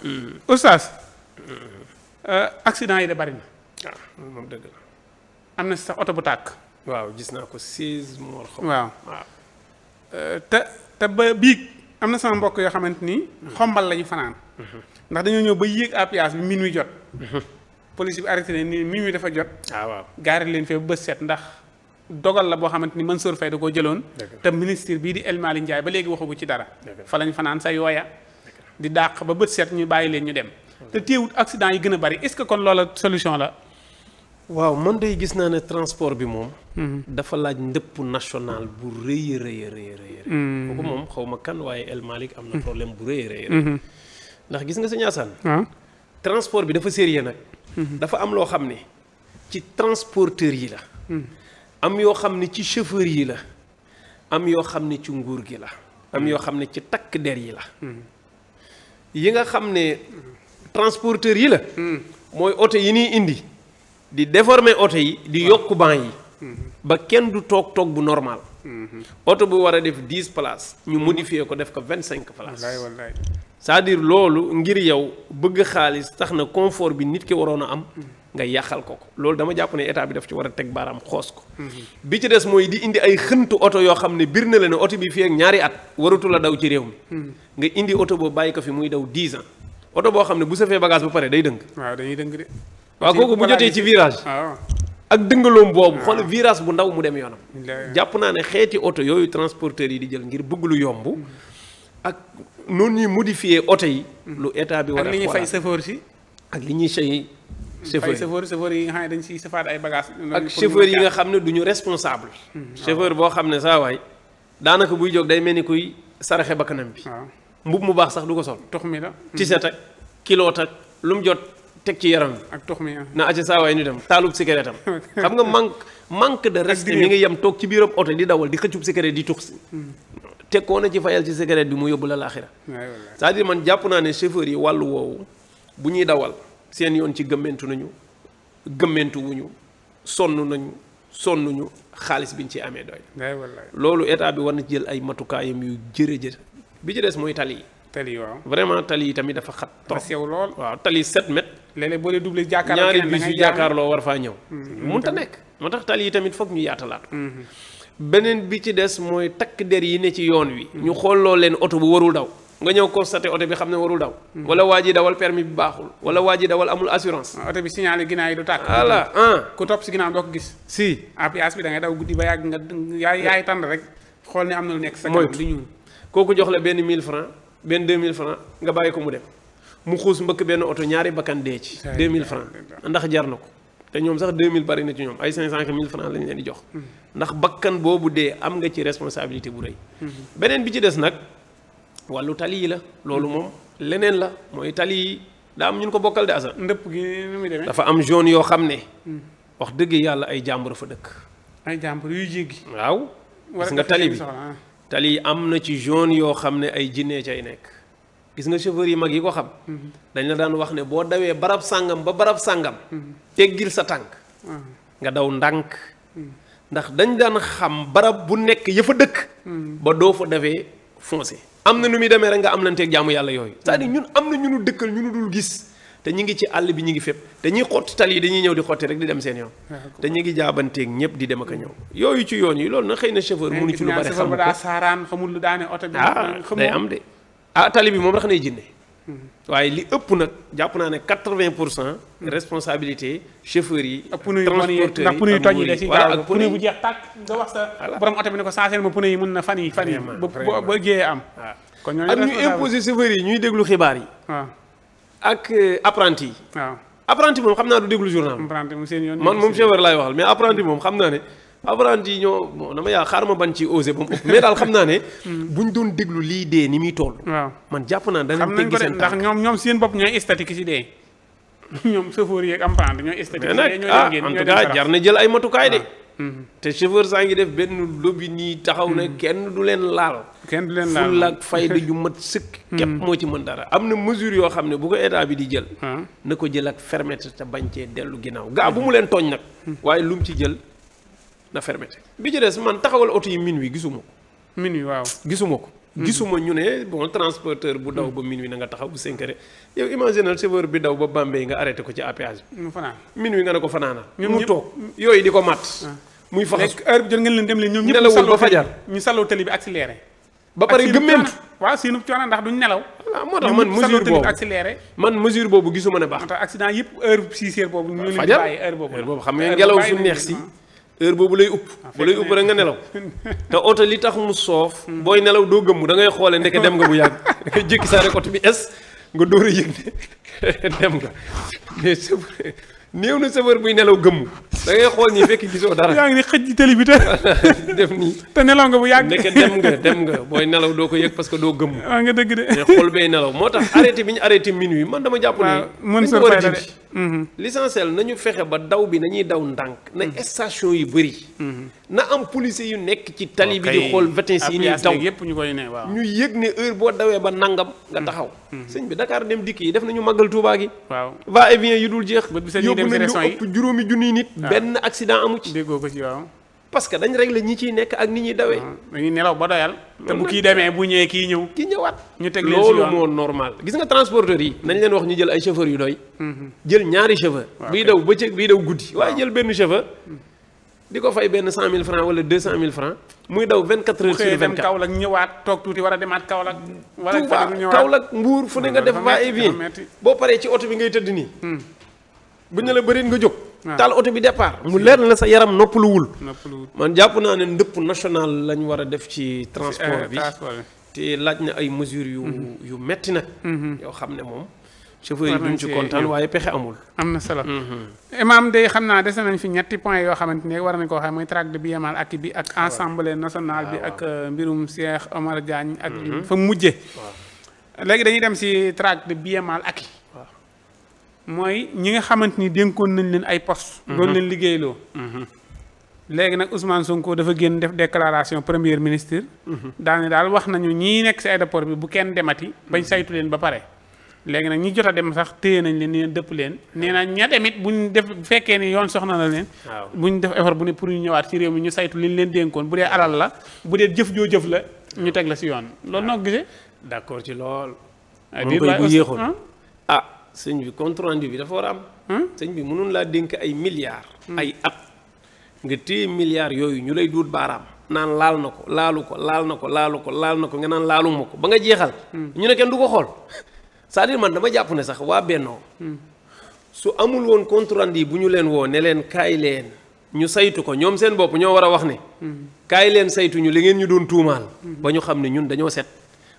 Mm. oustaz euh, accident yi de bari na. waaw ah, moom am na sax oto bu tàkk. waaw gis naa ko 16 morts. Euh, te te ba biig am na sama mbokk yoo xamante ni. xombal la ñu fanaan. Mm-hmm. ndax dañoo ñëw ba yéeg à péage bi minuit jot. Mm-hmm. police bi arrêté ne nii minuit dafa jot. ah waaw leen fee ba bës set ndax dogal la boo xamante ni soo Faye da koo jëloon. te ministre bii di El Malick Ndiaye ba léegi waxagu ci dara. fa lañ fanaan sa yooya. di dàq ba bët set ñu bàyyi leen ñu dem te téewut accident yi gën a bari est-ce que kon loola solution la waaw man day gis naa ne transport bi moom hmm. dafa laaj ndëpp national bu rëy rëy rëy rëy hmm. kooku moom xaw ma kan waaye El Malick am na hmm. problème bu rëy rëy ndax gis nga sa ñaasaan ah. transport bi dafa sérieux nag dafa am loo xam ne ci transporteur yi la am yoo xam ne ci chauffeur yi la am yoo xam ne ci nguur gi la am yoo xam ne ci takk der yi la yi nga xam ne transporteur yi la mooy oto yi ñuy indi di déformer oto yi di yokk ban yi mm-hmm. ba kenn du toog toog bu normal mm-hmm. oto bu war a def dix places ñu mm-hmm. modifier ko def ko vingt cinq places c'est-à-dire loolu ngir yow bëgg xaalis tax na confort bi nit ki waroon a am nga yàqal ko ko loolu dama jàpp ne état bi daf ci war a teg baaraam xoos ko. Mhm. bi ci des mooy di indi ay xëntu oto yoo xam ne biir na la ne oto bi fii ak ñaari at waratu la daw ci réew mi. Mhm. nga indi oto boo bàyyi ko fi muy daw 10 ans oto boo xam ne bu safee bagage ba pare day dëng. waaw dañuy dëng de. waaw kooku bu jotee ci virage. ak dëngaloom boobu ah. xool virage bu ndaw mu dem yoonam. jàpp naa ne xeeti oto yooyu transporteurs yi di jël ngir bugg lu yomb. Mhm. ak noonu ñuy modifier oto yi. lu état bi war a ak li ñuy fay si. ak li ñuy chauffeur chauffeur chauffeur yi nga xam ne dañ ciy safaat ay bagages. ak xam ne du ñu responsable. Mm-hmm. chauffeur boo xam ne saawaay daanaka buy jóg day mel ni kuy saraxe bakkanam bi. mbub mu baax sax du ko sol. tox mi la ci set ak kilo tak lu mu jot teg ci yaram ak tox mi ah. na acca saa waay ñu dem taalub cigarette xam nga manque manque de respect mi ngi yem toog ci biiram oto di dawal di xëccub cigarette di tux si. Mm. te koo na ci fayal ci cigarette bi mu yóbbu la laaxira. saa à man jàpp naa ne chauffeur yi wàllu woowu bu ñuy dawal. seen yoon ci gëmmentu nañu gëmmentu wuñu sonn nañu sonnuñu xaalis bi ñu ci amee doy na eh, loolu état bi war na jël ay matukaayam yu jërëjër bi ci des mooy tali yi tali waaw vraiment tali yi tamit dafa xat trop sew lool waaw tali 7 mètres léeg-léeg boo dee doublé jàkkaarloo ñaari bis yu jàkkaarloo war faa ñëw mm-hmm. mun ta nekk moo tax tali yi tamit foog ñu yaatalaat mm-hmm. beneen bi ci des mooy takk der yi ne ci yoon wi mm-hmm. ñu xooloo leen oto bu warul daw nga ñëw constaté oto bi xam ne warul daw wala waa ji dawal permis bi baaxul wala waa ji dawal amul assurance oto bi signalé ginnaaw yi du tàkk voilà ku topp si ginnaaw doo ko bi da ngay daw guddi ba yàgg nga yaay yaay tànn rek xool ne am na lu nekk sa kanam li ñuul jox la benn 1000 francs benn 2000 francs nga bàyyi ko mu mu xuus mbëkk benn oto ñaari bakkan dee ci 2000 francs ndax jar na ko te ñoom sax 2000 bari na ci ñoom ay 500 mille francs jox hmm. ndax bakkan boobu dee am nga ci responsabilité bu rëy hmm. beneen bi ci des nag wàllu tali yi la loolu mhm. moom leneen la mooy tali yi daa am ñun ko bokkal de asa ndëpp gi dafa am zone yoo xam ne mhm. wax dëgg yàlla ay jàmbur fa dëkk ay jàmbur yuy jéggi waaw gis nga tali bi ah. tali yi am na ci zone yoo xam ne ay jinne cay nekk gis nga chauffeur yi mag yi ko xam mhm. dañ la daan wax ne boo dawee barab sàngam ba barab sàngam teggil sa tànk ah. nga daw ndànk ndax dañ daan xam barab bu nekk ya fa dëkk ba doo fa dawee foncé am na nu muy demee rek nga am lanteeg jaamu yàlla yooyu c'est-à-dire ñun am na ñu nu dëkkal ñu nu dul gis te ñu ngi ci àll bi ñu ngi fépp dañuy xotti tali yi dañuy ñëw di xotti rek di dem seen yoon ah, te ñu ngi jaabanteeg ñëpp di dem ak a ñëw yooyu ci yoon yi loolu na xëy na chauffeur mënu ci lu bari xam ko ah day am de ah tali bi moom rax nay jinne Mm-hmm. waaye li ëpp nag jàpp naa ne quatre-vingt pour cent responsabilité chauffeur yi. transporteurs yi pneu yi toj yi voilà ak pneu bu jeex tàkk nga wax sa borom oto bi ne ko saaseel ma pneu yi mun na fan yi fan yi ba ba am. ak yi ñuy déglu xibaar yi. waaw ak euh, apprenti yi. waaw apprenti moom xam naa du déglu journal. moom seen yoon man moom chauffeur laay waxal mais apprenti moom xam naa ne. apprenti yi ñoo bon dama yaa xaar ma ban ci osé ba mu ëpp mais daal xam naa ne. Hmm. buñ doon déglu lii dee ni muy tool man jàpp naa danañ teggi seen ndax ñoom ñoom seen bopp ñooy statique si dee. ñoom chauffeur yeeg am paan ñooy statique. mais nag ah en tout cas jar na jël ay matukaay de. Hmm. Hmm. te chauffeur saa ngi def benn lobby nii taxaw na kenn du leen laal. kenn du leen laal fulaak fayda ju mat sëkk. képp moo ci mën dara am na mesure yoo xam ne bu ko état bi di jël. Ah. na ko jël ak fermeté te bañ cee dellu ginnaaw gaa leen tooñ nag. waaye lu ci jël na fermeté bi ci des man taxawal oto yi minuit gisuma ko. minuit waaw gisuma ko. Hmm. gisuma ñu ne bon transporteur bu daw hmm. ba minuit na nga taxaw bu cinq heures yow imaginal chauffeur bi daw ba Bambey nga arrêté ko ci APH bi. mu fanaan minuit nga ne ko fanaana mu toog yooyu di ko matt. Hmm. muy faxas leen dem leen ñoom ñëpp. nelawul ba fajar ñu saloo tali bi accéléré. ba pare gëmmentu waaw duñ nelaw. waaw moo tax man mesure boobu accéléré man mesure boobu gisuma ne baax. moo tax accident yëpp heure 6 heures boobu. ñu leen bàyyi heure boobu heure nga ngelaw su neex si. heure boobu lay upp bu lay upp rek nga nelaw te oto li tax mu soof booy nelaw doo gëmm dangay ngay xoolee ndeke dem nga bu yàgg da jékki saa rek oto bi es nga dóor a yëg ne dem nga néew na chauffeur buy nelaw gëmm da xool nii fekk gisoo dara. yaa ngi ni xëj ci bi te. def nii te nelaw nga bu yàgg. ndeke dem nga dem nga booy nelaw doo ko yëg parce que doo gëmm. waaw ah, nga dëgg de. mais xool bee nelaw moo tax arrêté bi ñu arrêté minuit man dama jàpp ni. mën soo fay mm-hmm. l'essentiel nañu fexe ba daw bi nañuy daw ndànk. na mm-hmm. station yu bëri. Mm-hmm. na am policier yu nekk ci tali bi xool vétérinaires yi ñuy yëpp ñu koy ne waaw. ñu yëg heure boo dawee ba nangam nga taxaw. sëñ bi Dakar dem dikk yi def nañu màggal Tuubaa gi. waaw va yu dul jeex. dem ci régions yi juróomi junniy nit. Ah. benn accident amu ci. déggoo parce que dañ régler ñi ciy nekk ak ni ñuy dawee. Ah, dañuy nelaw ba doyal. te bu kii demee bu ñëwee kii ñëw. kii ñëwaat ñu teg leen loolu moo normal. gis nga transporteur yi. nañ leen wax ñu jël ay chauffeurs yu doy. Mhm. jël ñaari chauffeur. biy daw bëccëg biy daw guddi. waaye ah. jël benn chauffeur. Mm. di ko fay benn cent mille francs wala deux cent mille francs muy daw vingt quatre heures sur vingt quatre Kaolack ñëwaat toog tuuti war a demaat Kaolack. wala Kaolack Mbour fu ne nga mm, def va et boo paree ci bi ngay tëdd nii. Mm. bu ñu la bëriin nga jóg. Ah. taal oto bi départ. mu leer na la sa yaram noppaluwul. noppaluwul man jàpp naa ne ndëpp national lañ war a def ci. transport bi eh, te laaj na ay mesures yu. Mhm. yu metti na mhm. yoo xam ne moom. chauffeur yi duñ ci kontaan waaye pexe amul. am na solo. Mhm. imam de xam naa dese nañ fi ñetti point yoo xamante ne war nañ koo xam mooy tract bi yemal ak bi ak. assemblée nationale bi ak euh, mbirum Cheikh Omar Diagne. ak fa mujje léegi dañuy dem si tract bi yemal ak. mooy ñi nga xamante ni dénkoon nañ leen ay poste mhm. doon leen liggéeyloo mhm. léegi nag Ousmane Sonko dafa génn def déclaration premier ministre mhm. daane daal wax nañu ñii nekk ci aéroport bi bu kenn demati bañ saytu leen ba pare léegi nag ñi jot dem sax téye nañ leen nee dëpp leen nee na ña tamit buñ def bu fekkee ni yoon soxna na leen buñ def effort bu ne pour ñu ñëwaat ci réew mi ñu saytu liñ leen dénkoon bu dee alal la bu dee jëf joo jëf la ñu teg la ci yoon loolu noo gisee d'accord ci lool ah sëñ bi compte rendu bi dafa war a am. Hmm? sëñ bi mënun laa dénk ay milliards. Hmm. ay at nga téye milliards yooyu ñu lay duut baaraam. naan laal na ko laalu ko laal na ko laalu ko laal na ko nga naan laalu ma ko ba nga jeexal. Hmm. ñu ne kenn du ko xool cest à man dama jàpp ne sax waa Bennoo. su amul woon compte yi bu ñu leen woo ne leen kaay leen ñu saytu ko ñoom seen bopp ñoo war a wax ne. kaay leen saytu ñu li ngeen ñu doon tuumaal. ba ñu xam ne ñun dañoo set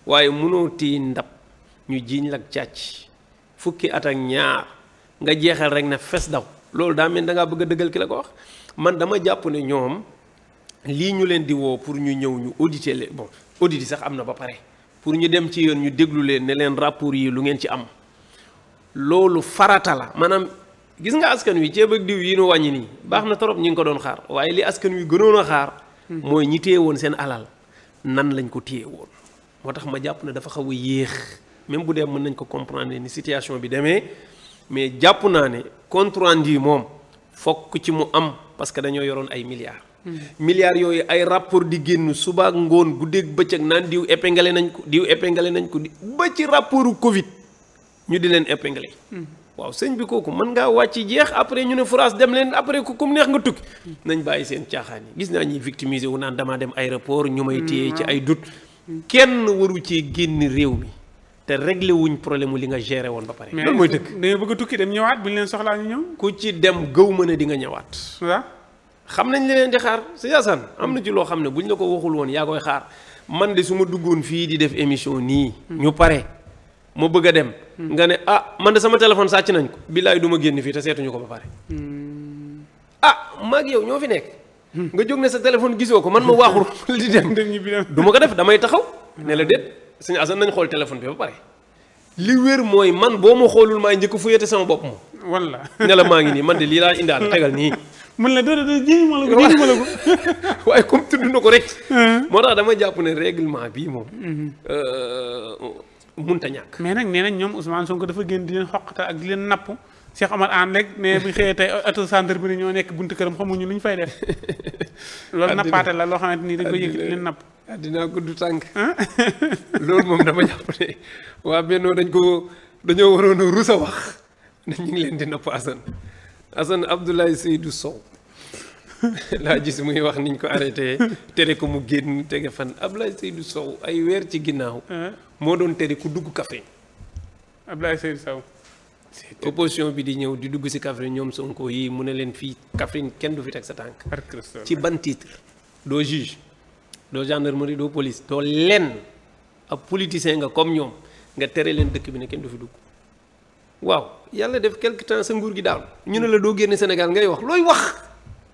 waaye mënoo tii ndab ñu jiiñ lak càcc. fukki at ak ñaar nga jeexal rek ne fes daw loolu daa mel da ngaa bëgg a dëggal ki la ko wax man dama jàpp ne ñoom lii ñu leen di woo pour ñu ñëw ñu auditer leen bon audit yi sax am na ba pare pour ñu dem ci yoon ñu déglu leen ne leen rapport yi lu ngeen ci am loolu farata la maanaam gis nga askan wi ceeb ak diw yi nu wàññi nii baax na torop ñi ngi ko doon xaar waaye li askan wi gënoon a xaar hmm. mooy ñi téye woon seen alal nan lañ ko téye woon moo tax ma jàpp ne dafa xaw yéex même bu dee mën nañ ko comprendre ni situation bi demee mais jàpp naa ne compte rendu yi moom fokk ci mu am parce que dañoo yoroon ay milliards. Hmm. milliards yooyu ay rapport di génn suba ak ngoon guddeeg bëccëg naan diw épinglé nañ ko diw épinglé nañ ko ba ci rapportu Covid ñu di leen épinglé. Hmm. waaw sëñ bi kooku mën ngaa wàcc jeex après ñu ne France dem leen après ku kum neex nga tukki. Hmm. nañ bàyyi seen caaxaan gis naa ñuy victimiser wu naan damaa dem aéroport ñu may téye ci ay dut kenn waru ci génn réew mi. te réglé wuñ problème li nga géré woon ba pare. loolu mooy dëkk mais bëgg a tukki dem ñëwaat bu ñu leen soxlaa ñu ñëw. ku ci dem gëw mën a di nga xam nañ li leen di xaar si Yasane am na ci loo xam ne buñ la ko waxul woon yaa koy xaar man de su ma duggoon fii di def émission nii. ñu pare ma bëgg a dem. nga ne a ah, man de sama téléphone sàcc nañ ko. billaay du ma génn fii te seetuñu ko ba pare. Hmm. a ah, maag yow ñoo fi nekk. nga jóg ne sa téléphone gisoo ko man ma waaxul di ma ko def damay taxaw sëñ Assane nañ xool téléphone bi ba pare li wér mooy man boo ma xoolul maay njëkk fuyate sama bopp moom. walla ne la maa ngi nii man de lii laa a tegal nii. mën la dara dara a la ko jéem a la ko. waaye comme tudd na ko rek. moo tax dama jàpp ne règlement bii moom. mënut mhm. euh, euh, a ñàkk. mais nag nee nañ ñoom Ousmane Sonko dafa génn di leen xoqata ak di leen napp Cheikh Omar Anne rek ne bu xëyee tey euh, auto centre bi ñoo nekk buntu këram xamuñu lu ñu fay def. loolu nappaate la loo xamante Ah, dinaa gudd tànk ah. loolu moom dama jàpp ne waa bennoo dañ ko dañoo waroon a rus a wax ne ñu ngi leen di napp Assane Assane Abdoulaye Seydou Sow laa gis muy wax niñ ko arrêté tere ko mu génn tege fan Abdoulaye Seydou Sow ay weer ci ginnaaw ah. moo doon tere ku dugg café Abdoulaye Seydou Sow opposition bi di ñëw di dugg si Kaffrine ñoom Sonko yi mu ne leen fii Kaffrine kenn du fi teg sa tànk ci ban titre doo juge doo gendarmerie doo police doo lenn ab politicien nga comme ñoom nga tere leen dëkk bi ne kenn du fi dugg waaw yàlla def quelque temps sa nguur gi daal ñu ne la doo génne Sénégal ngay wax looy wax.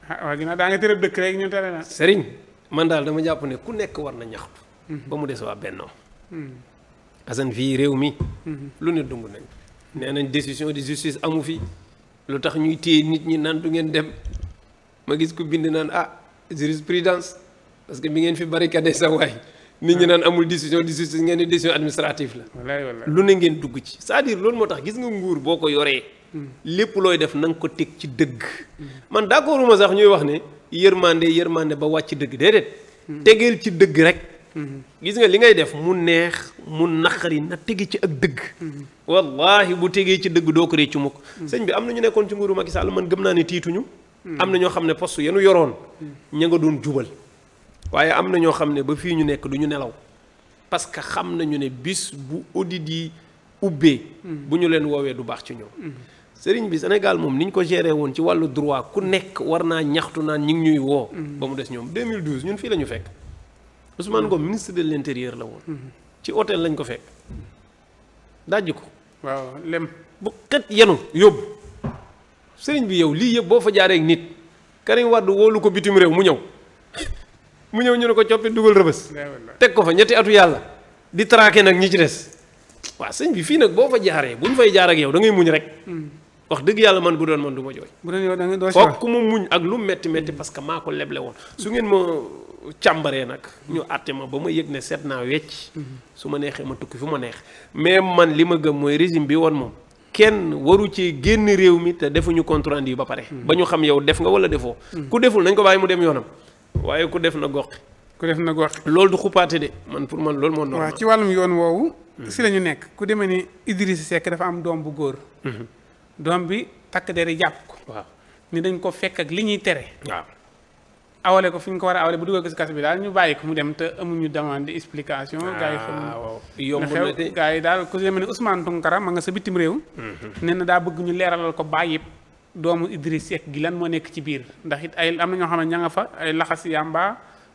ah waaw ginnaaw daa nga tere dëkk rek ñu tere na. Serigne man daal dama jàpp ne ku nekk war na ñaxtu. Hmm. ba mu des waa Bennoo. Hmm. Assane fii réew mi. Hmm. lu ne dung nañ nee nañ décision de justice amu fi lu tax ñuy téye nit ñi nan du ngeen dem ma gis ko bind naan ah jurisprudence parce que bi ngeen fi barricade sa waay nit ñi naan amul décision décision ngeen ni décision administrative la. wallaay wallaay lu ne ngeen dugg ci. c'est-à-dire loolu moo tax gis nga nguur boo ko yoree. lépp looy def na ko teg ci dëgg. man d'accord uma sax ñuy wax ne yërmande yërmande ba wàcc dëgg déedéet. tegeel ci dëgg rek. gis nga li ngay def mu neex mu naqari na tege ci ak dëgg. wallahi bu tegee ci dëgg doo ko réccu mukk. sëñ bi am na ñu nekkoon ci nguuru Macky Sall man gëm naa ne tiituñu. am na ñoo xam ne poste yenu yoroon. ña nga doon jubal. waaye am na ñoo xam ne ba fii ñu nekk du ñu nelaw parce que xam nañu ne bis bu audit yi ubbee. bu ñu leen woowee du baax ci ñoom. sëriñ bi Sénégal moom ni ko géré woon ci wàllu droit ku nekk war naa ñaxtu naan ñi ngi ñuy woo. ba mu des ñoom 2012 ñun fii la ñu fekk Ousmane Ngom ministre de l' la woon. ci hôtel lañ ko fekk dajj ko. waaw lem bu xët yenu yóbbu sëriñ bi yow lii yëpp boo fa jaaree ak nit Karim Wade wóolu ko bitim réew mu ñëw. mu ñëw ñu ne ko coppi dugal rëbës teg ko fa ñetti atu yàlla di traqué nag ñi ci des waaw sëñ bi fii nag boo fa jaaree bu ñu fay jaar ak yow da ngay muñ rek hmm. wax dëgg yàlla man bu doon man du ma jooy foog ku ma muñ ak lu metti metti parce que maa ko leble woon su ngeen ma càmbaree nag ñu àtte ma ba ma yëg ne seet naa wecc hmm. su ma neexee ma tukki fu ma neex mais man li ma gëm mooy régime bi woon moom kenn waru ci génn réew mi te defuñu compte yi ba pare hmm. ba ñu xam yow def nga wala defoo ku deful nañ ko bàyyi mu dem yoonam waaye ku def na gox. ku def na gox. loolu du xupaate de man pour man loolu moo. normal waaw ci wàllum yoon woowu. Mhm. si la ñu nekk ku demee ni Idrissa Seck dafa am doom bu góor. Mhm. doom bi takk der jàpp ko. waaw ni dañ ko fekk ak li ñuy tere. waaw awale ko fi ñu ko war a awale bu dugal ko si kaso bi daal ñu bàyyi ko mu dem te amuñu demande explication. Ah, gaa yi xamul yomb na de gaa yi daal ku demee ni Ousmane Tounkara a nga sa bitim réew. Mhm. nee na daa bëgg ñu leeralal ko bàyyi yëpp. doomu Idriss Seck gi lan moo nekk ci biir ndax it ay am na ñoo xam ne ña nga fa ay laxas yàmba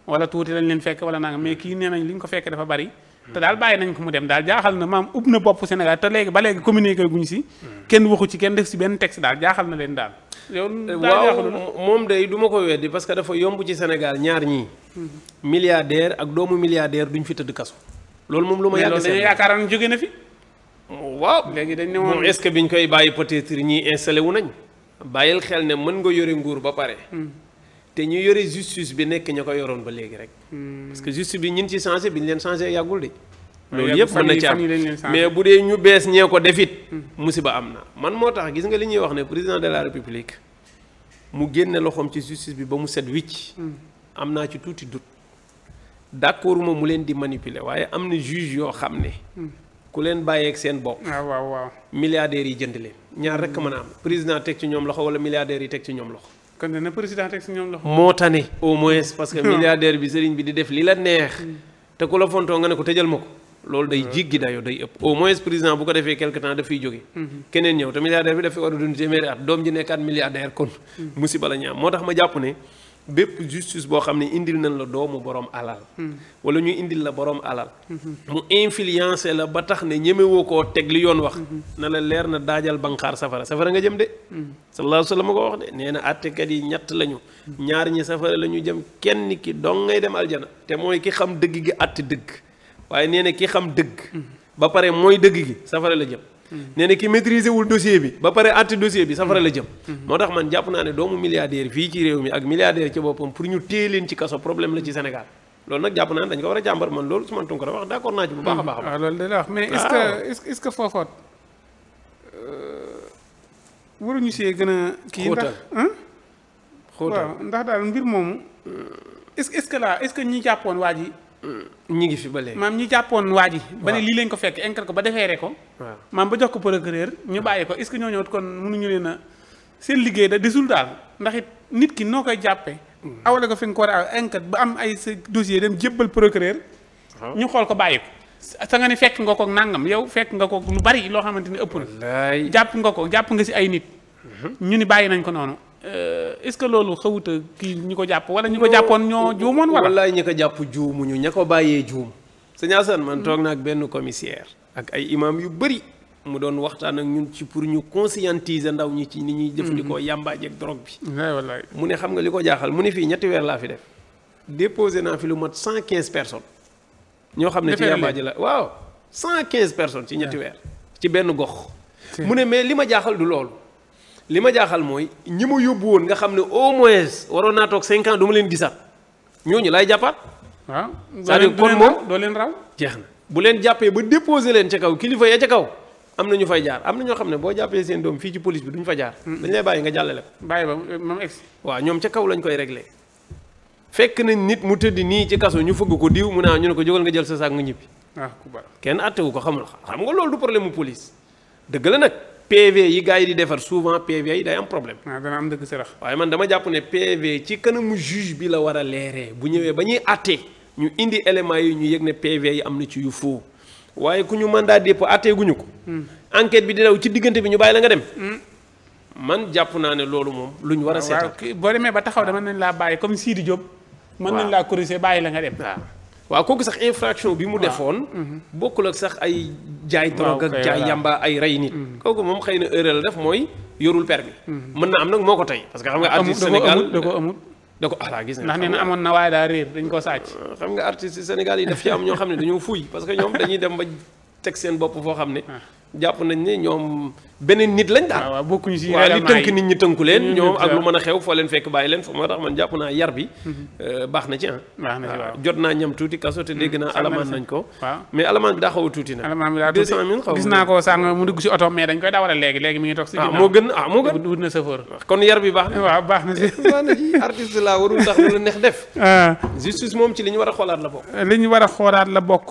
wala tuuti lañ leen fekk wala nanga mais kii nee nañ li ñu ko fekkee dafa bari te daal bàyyi nañ ko mu dem daal jaaxal na maam ub na bopp Sénégal te léegi ba léegi communiqué guñ si kenn waxu ci kenn def si benn texte daal jaaxal na leen daal yow waaw moom day duma ma ko weddi parce que dafa yomb ci Sénégal ñaar ñii mhm. milliardaire ak doomu milliardaire duñ fi tëdd kaso loolu moom lu ma yàgg yaakaar na jóge na fi waaw léegi dañ ne moom ce que biñ koy bàyyi peut-être wu nañ bàyyil xel ne mën nga yore nguur ba pare. Hmm. te ñu yore justice bi nekk ña ko yoroon ba léegi rek. Hmm. parce que justice bi ñin ci changé bi ñu leen changé yàggul de. Ah, loolu yëpp mën na ci am mais bu dee ñu bees ñee ko defit hmm. musiba am na man moo tax gis nga li ñuy wax ne président de la république mu génne loxoom ci justice bi ba mu set wicc. am naa ci tuuti dut d'accord ma mu leen di manipuler waaye am na juge yoo xam ne. ku leen bàyyeeg seen bopp. Ah, waaw waaw waaw. yi jënd leen. ñaar rek mën a am président teg ci ñoom loxo wala milliardaires yi teg ci ñoom loxo. kon na président teg ci moo tane au que hmm. milliardaire bi sëriñ bi di hmm. ko loolu day hmm. jiggi dayoo day bu ko defee quelque temps daf fiy jóge keneen ñëw te milliardaire a dund moo tax ma jàpp ne bépp justice boo xam ne indil nañ la doomu borom alal. wala ñu indil la borom alal. mu influencé la ba tax ne ñemewoo ko teg li yoon wax. na la leer na daajal banqaar safara safara nga jëm de. sallallahu alayhi wa sallam ma ko wax de nee na àttekat yi ñett lañu. ñaar ñi safara la ñu jëm kenn ki dong ngay dem aljana te mooy ki xam dëgg gi àtt dëgg waaye nee na ki xam dëgg. ba pare mooy dëgg gi safara la jëm. nee na ki maîtriser wul dossier bi ba pare àtte dossier bi safara la jëm mm-hmm. moo tax man jàpp naa ne doomu milliardaire fii ci réew mi ak milliardaire ci boppam pour ñu téye leen ci kaso problème la ci Sénégal loolu nag jàpp naa ne dañ ko war a jàmbar man loolu Ousmane Tounkara wax d'accord naa ci bu baax a baax a baax mm-hmm. ah, loolu de la wax mais est-ce ah. foofoot euh, waruñu see gën kii ndax xóotal ndax daal mbir moomu mm. est-ce que là ce que ñi jàppoon waa ji ñi ngi fi ba léegi maam ñi jàppoon waa ji ba ne lii lañ ko fekk encre ko ba defeere ko maam ba jox ko procureur ñu bàyyi ko est-ce que ñoo ñëw kon mënuñu leen a seen liggéey da desul daal ndax it nit ki noo koy jàppe mm. awale ko fi nga ko war a ba am ay sa dossier dem jébbal procureur ñu xool ko bàyyi ko sa nga ne fekk nga ko nangam yow fekk nga ko lu bari loo xamante ni ëpp na jàpp nga ko jàpp nga si ay nit mm-hmm. ñu ni bàyyi nañ ko noonu euh, est-ce que loolu xawut a kii ñu ko jàpp wala ñu ko jàppoon ñoo juumoon wala. wallaay ñi ko jàpp juumuñu ña ko bàyyee juum. sëñ Assane man mm. toog naag benn commissaire. ak ay imam yu bëri. mu doon waxtaan ak ñun ci pour ñu conscientiser ndaw ñi ci ni ñuy jëfandikoo mm. yàmbaaj ak drogue bi. wallaay mu ne xam nga li ko jaaxal mu ne weer laa fi def. déposé naa fi lu mat cent quinze personnes. ñoo xam ne ci yàmbaaji la waaw cent quinze personnes ci ñetti weer. ci benn gox. mu ne mais li ma jaaxal du loolu. li ma jaaxal mooy ñi ma yóbbu woon nga xam ne au moins waroon naa toog cinq ans du ma leen gisaat ñooñu laay jàppaat. waaw ah, c'est-à-dire kon moom doo leen raw jeex na bu leen jàppee ba déposé leen ca kaw kilifa ya ca kaw am na ñu fay jaar am na ñoo xam ne boo jàppee seen doom fii ci police bi duñ fa jaar. Hmm. dañ lay bàyyi nga jàllale ko. bàyyi ba moom egg waaw ñoom ca kaw lañ koy regle fekk na nit mu tëdd nii ci kaso ñu fëgg ko diw mu naa ah, ñu ne ko jógal nga jël sa saak nga ñibbi. Ah, kenn attewu ko xamul xam nga loolu du problème mu police dëgg la nag PV yi gaa yi di defar souvent PV yi day am problème. waaw ah, dana waaye man dama jàpp ne PV ci kanamu juge bi la war a leeree bu ñëwee ba ñuy àttee ñu indi éléments yi ñu yëg ne PV yi am na ci yu faux waaye ku ñu mandat dépôt àttee guñu ko. Hmm. enquête bi di daw ci diggante bi ñu bàyyi la nga dem. Hmm. man jàpp naa ne loolu moom lu ñu war a ah, seetal. boo demee ba taxaw dama nañ laa bàyyi comme Sidi Diop. mën nañ laa corriger bàyyi la nga dem. waaw kooku sax infraction bi mu defoon. Mm-hmm. bokkul ak sax ay jaay drogue ak jaay yamba ay rey nit. Mm-hmm. kooku moom xëy na erreur la def mooy yorul bi mm-hmm. mën na am nag moo ko tey parce que xam nga. artiste Sénégal da ko amul nee na amoon na waaye daa réer ko sàcc. Euh, xam nga artiste Sénégal yi daf ci am ñoo xam ne dañoo fuy parce que ñoom dañuy dem ba teg seen bopp foo xam ne. Ah. jàpp nañ ne ñoom beneen nit lañ daal. waaw bokkuñ si waaw li tënk nit ñi tënku leen. ñoom ak lu mën a xew foo leen fekk bàyyi leen fa moo tax man jàpp naa yar bi. Mm-hmm. Euh, baax na ci ah. baax na ci waaw jot naa ñam tuuti kaso te dégg naa mm-hmm. alamaan nañ ko. waaw mais alamaan bi daa xaw a tuuti nag. alamaan bi daa tuuti 200000 xaw gis naa ko sànq mu dugg si oto mais dañ koy dawal léegi léegi mi ngi toog si. ah moo gën ah moo gën wut na sëfoor. kon yar bi baax na. waaw baax na si. baax na ci artiste la warul tax lu neex def. Ah. justice moom ci li ñu war a xoolaat la bokk. li ñu war a xoolaat la bokk